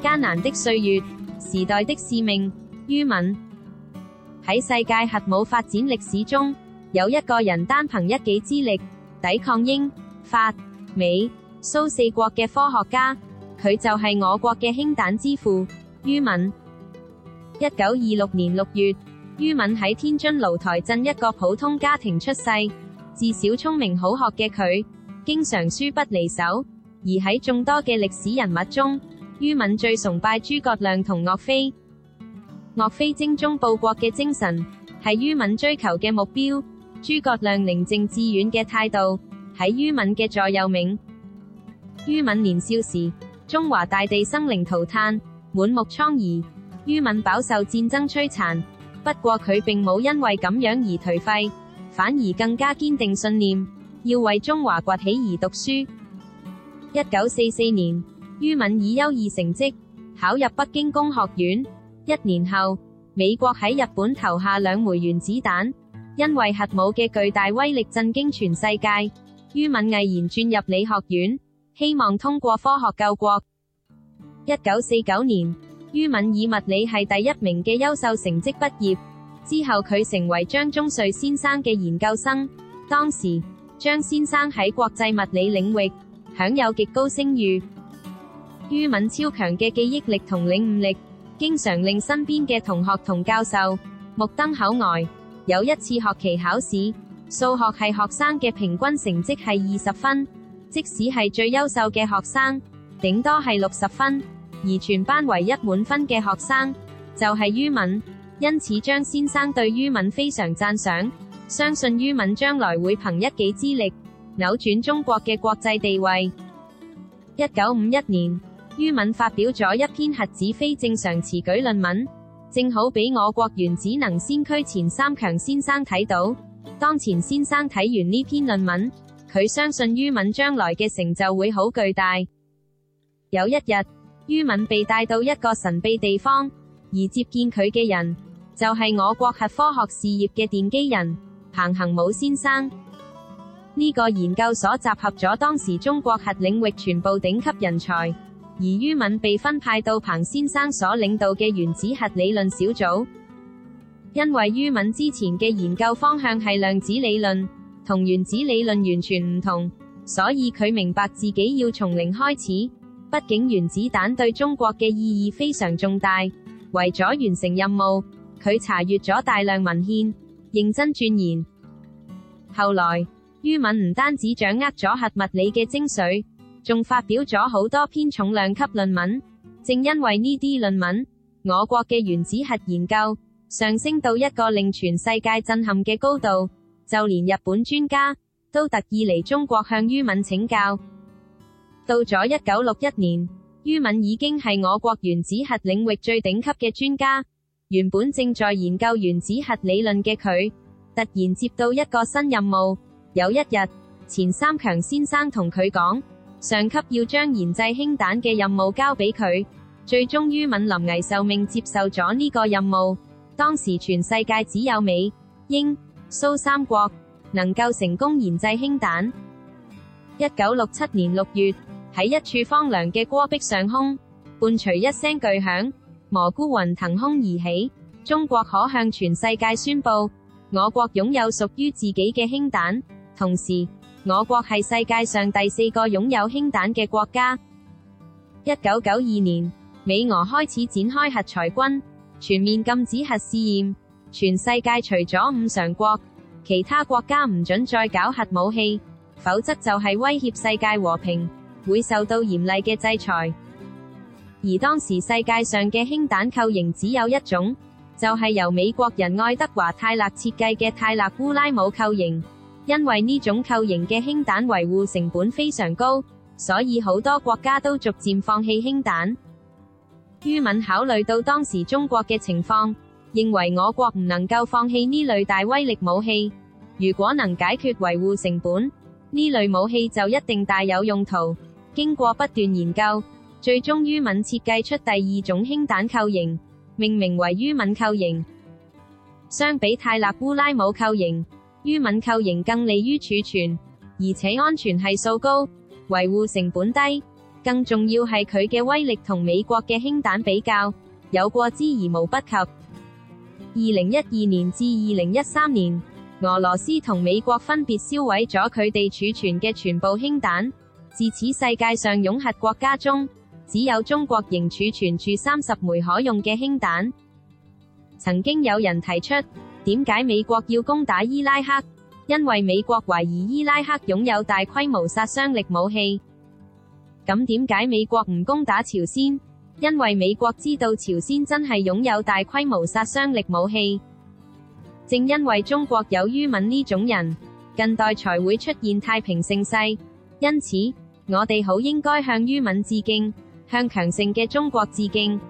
艱難的歲月，時代的使命。于敏喺，世界核武發展歷史中有一個人單憑一己之力抵抗英法美蘇四國嘅科學家，佢就係我國嘅氫彈之父于敏。一九二六年六月，于敏喺天津蘆台鎮一個普通家庭出世。自小聰明好學嘅佢，經常書不離手。而喺眾多嘅歷史人物中，于敏最崇拜諸葛亮同岳飛，岳飛精忠報國嘅精神係于敏追求嘅目標。諸葛亮寧靜致遠嘅態度係于敏嘅座右銘。于敏年少時，中華大地生靈塗炭，滿目瘡痍，于敏飽受戰爭摧殘。不過佢並冇因為咁樣而頹廢，反而更加堅定信念，要為中華崛起而讀書。一九四四年。于敏以優異成績考入北京工學院。一年後，美國喺日本投下兩枚原子彈，因為核武嘅巨大威力震驚全世界。于敏毅然轉入理學院，希望通過科學救國。一九四九年，于敏以物理系第一名嘅優秀成績畢業之後，佢成為張宗瑞先生嘅研究生。當時，張先生喺國際物理領域享有極高聲譽。于敏超強嘅記憶力同領悟力，經常令身邊嘅同學同教授目瞪口呆。有一次學期考試，數學系學生嘅平均成績係二十分，即使係最優秀嘅學生，頂多係六十分，而全班唯一滿分嘅學生就係于敏。因此，張先生對于敏非常讚賞，相信于敏將來會憑一己之力扭轉中國嘅國際地位。一九五一年。于敏發表咗一篇核子非正常詞舉論文，正好俾我國原子能先驅錢三強先生睇到。當錢先生睇完呢篇論文，佢相信于敏將來嘅成就會好巨大。有一日，于敏被帶到一個神秘地方，而接見佢嘅人就係、是、我國核科學事業嘅奠基人彭桓武先生。呢、這個研究所集合咗當時中國核領域全部頂級人才。而于敏被分派到彭先生所領導嘅原子核理論小組，因為于敏之前嘅研究方向係量子理論，同原子理論完全唔同，所以佢明白自己要從零開始。畢竟原子彈對中國嘅意義非常重大，為咗完成任務，佢查閱咗大量文獻，認真鑽研。後來，于敏唔單止掌握咗核物理嘅精髓。仲發表咗好多篇重量級論文，正因為呢啲論文，我國嘅原子核研究上升到一個令全世界震撼嘅高度。就連日本專家都特意嚟中國向于敏請教。到咗一九六一年，于敏已經係我國原子核領域最頂級嘅專家。原本正在研究原子核理論嘅佢，突然接到一個新任務。有一日，錢三強先生同佢講：上級要將研製氫彈嘅任務交俾佢，最終于敏臨危受命接受咗呢個任務。當時全世界只有美、英、蘇三國能夠成功研製氫彈。一九六七年六月，喺一處荒涼嘅戈壁上空，伴隨一聲巨響，蘑菇雲騰空而起。中國可向全世界宣布，我國擁有屬於自己嘅氫彈。同時，我國係世界上第四個擁有氫彈嘅國家。一九九二年，美俄開始展開核裁軍，全面禁止核試驗，全世界除咗五常國，其他國家唔准再搞核武器，否則就係威脅世界和平，會受到嚴厲嘅制裁。而當時世界上嘅氫彈構型只有一種，就係、是、由美國人愛德華泰勒設計嘅泰勒烏拉姆構型。因為呢種構型嘅氫彈維護成本非常高，所以好多國家都逐漸放棄氫彈。于敏構型更利於儲存，而且安全係數高，維護成本低，更重要係佢嘅威力同美國嘅氫彈比較，有過之而無不及。二零一二年至二零一三年，俄羅斯同美國分別銷毀咗佢哋儲存嘅全部氫彈，自此世界上擁核國家中，只有中國仍儲存住三十枚可用嘅氫彈。曾經有人提出，點解美國要攻打伊拉克？因為美國懷疑伊拉克擁有大規模殺傷力武器。咁點解美國唔攻打朝鮮？因為美國知道朝鮮真係擁有大規模殺傷力武器。正因為中國有于敏呢種人，近代才會出現太平盛世。因此，我哋好應該向于敏致敬，向強盛嘅中國致敬。